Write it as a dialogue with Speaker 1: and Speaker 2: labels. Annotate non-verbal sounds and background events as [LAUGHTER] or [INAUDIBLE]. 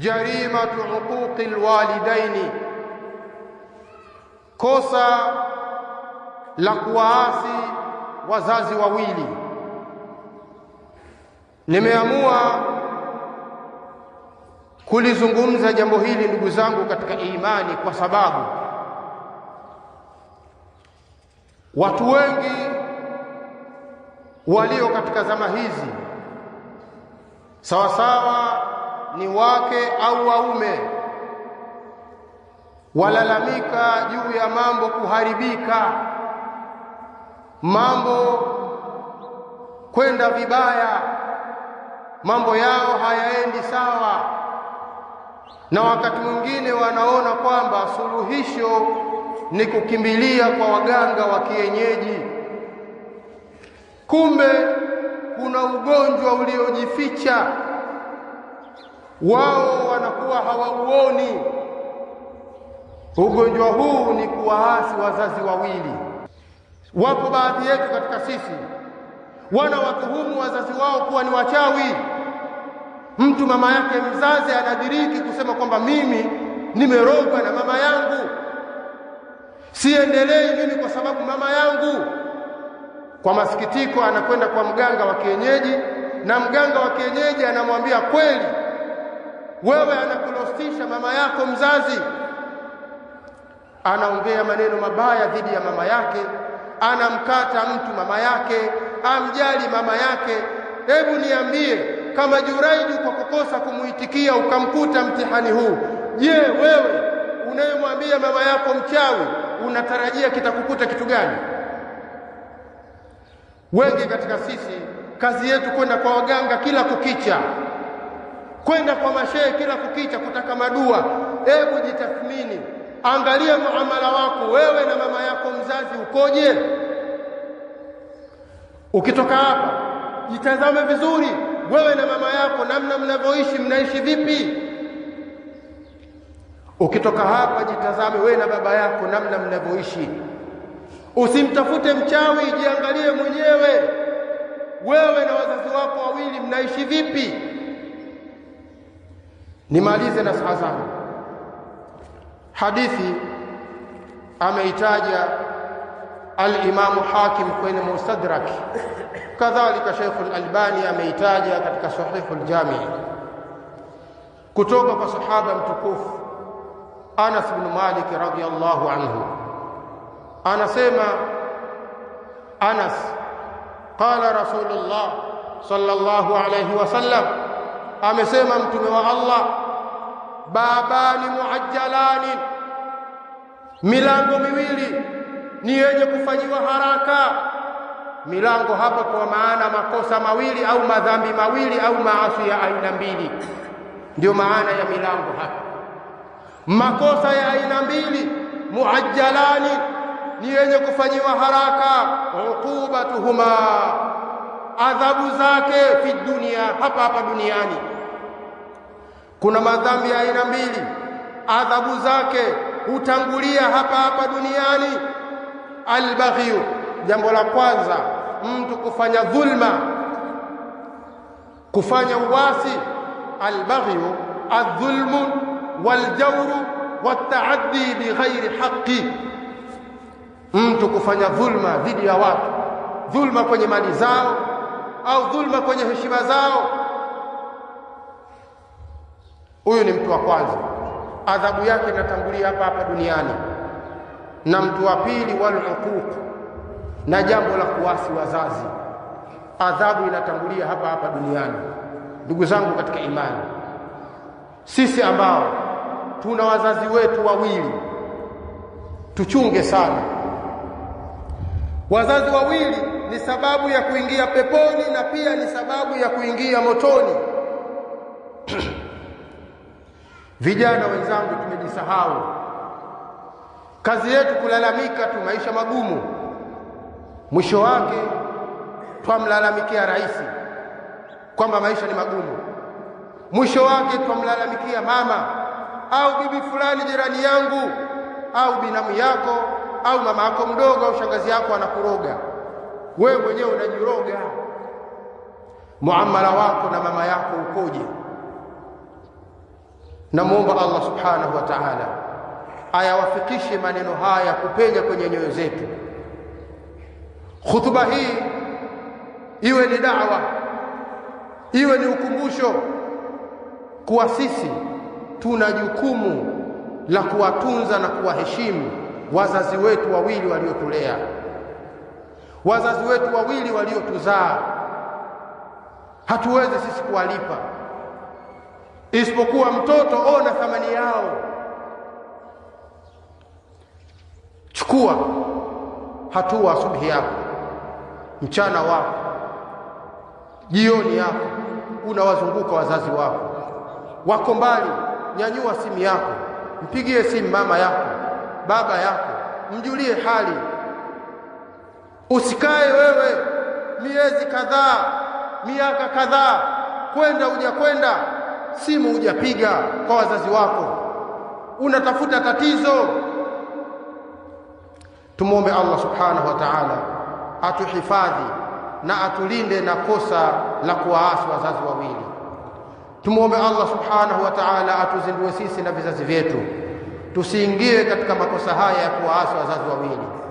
Speaker 1: jarimatu uquqi lwalidaini kosa la kuwaasi wazazi wawili. Nimeamua kulizungumza jambo hili ndugu zangu katika imani, kwa sababu watu wengi walio katika zama hizi sawasawa ni wake au waume walalamika juu ya mambo kuharibika, mambo kwenda vibaya, mambo yao hayaendi sawa, na wakati mwingine wanaona kwamba suluhisho ni kukimbilia kwa waganga wa kienyeji. Kumbe kuna ugonjwa uliojificha wao wanakuwa hawauoni. Ugonjwa huu ni kuwaasi wazazi wawili. Wapo baadhi yetu katika sisi wanawatuhumu wazazi wao kuwa ni wachawi. Mtu mama yake mzazi anadiriki kusema kwamba mimi nimerogwa na mama yangu, siendelei mimi kwa sababu mama yangu. Kwa masikitiko, anakwenda kwa mganga wa kienyeji, na mganga wa kienyeji anamwambia kweli wewe anakulostisha mama yako mzazi, anaongea maneno mabaya dhidi ya mama yake, anamkata mtu mama yake, amjali mama yake. Hebu niambie, kama Juraiju kwa kukosa kumuitikia ukamkuta mtihani huu, je, wewe unayemwambia mama yako mchawi unatarajia kitakukuta kitu gani? Wengi katika sisi kazi yetu kwenda kwa waganga kila kukicha kwenda kwa mashehe kila kukicha kutaka madua. Hebu jitathmini, angalia muamala wako wewe na mama yako mzazi ukoje. Ukitoka hapa jitazame vizuri, wewe na mama yako, namna mnavyoishi, mnaishi vipi? Ukitoka hapa jitazame wewe na baba yako, namna mnavyoishi. Usimtafute mchawi, jiangalie mwenyewe, wewe na wazazi wako wawili mnaishi vipi? Nimalize na saha zangu. Hadithi ameitaja alimamu Hakim kwenye Mustadrak, kadhalika Sheikh al-Albani ameitaja katika Sahihu al-Jami, kutoka kwa sahaba mtukufu Anas bin Malik radhiyallahu anhu, anasema Anas qala Rasulullah sallallahu alayhi wasallam amesema mtume wa Allah babani muajjalani milango miwili ni yenye kufanyiwa haraka milango hapa kwa maana makosa mawili au madhambi mawili au maasi ya aina mbili ndiyo maana ya milango hapa makosa ya aina mbili muajjalani ni yenye kufanyiwa haraka uqubatuhuma adhabu zake fi dunia, hapa hapa duniani. Kuna madhambi ya aina mbili, adhabu zake hutangulia hapa hapa duniani. Albaghyu, jambo la kwanza, mtu kufanya dhulma, kufanya uwasi. Albaghyu aldhulmu waljauru wataaddi bighairi haqi, mtu kufanya dhulma dhidi ya watu, dhulma kwenye mali zao au dhulma kwenye heshima zao, huyu ni mtu wa kwanza, adhabu yake inatangulia hapa hapa duniani. Na mtu wa pili, wal na jambo la kuasi wazazi, adhabu inatangulia hapa hapa duniani. Ndugu zangu katika imani, sisi ambao tuna wazazi wetu wawili tuchunge sana wazazi wawili ni sababu ya kuingia peponi na pia ni sababu ya kuingia motoni. [CLEARS THROAT] Vijana wenzangu, tumejisahau. Kazi yetu kulalamika tu maisha magumu, mwisho wake twamlalamikia rais kwamba maisha ni magumu, mwisho wake twamlalamikia mama au bibi fulani, jirani yangu au binamu yako au mama yako mdogo au shangazi yako anakuroga wewe mwenyewe unajiroga muamala wako na mama yako ukoje namwomba allah subhanahu wa taala ayawafikishe maneno haya kupenya kwenye nyoyo zetu khutuba hii iwe ni dawa iwe ni ukumbusho kuwa sisi tuna jukumu la kuwatunza na kuwaheshimu wazazi wetu wawili waliotulea wazazi wetu wawili waliotuzaa, hatuwezi sisi kuwalipa, isipokuwa mtoto, ona thamani yao, chukua hatua asubuhi yako, mchana wako, jioni yako, unawazunguka wazazi wako, wako mbali, nyanyua simu yako, mpigie simu mama yako, baba yako, mjulie hali Usikae wewe miezi kadhaa, miaka kadhaa, kwenda uja kwenda, simu hujapiga kwa wazazi wako, unatafuta tatizo. Tumwombe Allah subhanahu wa ta'ala atuhifadhi na atulinde na kosa la kuwaasi wazazi wawili. Tumwombe Allah subhanahu wa ta'ala atuzindue sisi na vizazi vyetu tusiingie katika makosa haya ya kuwaasi wazazi wawili.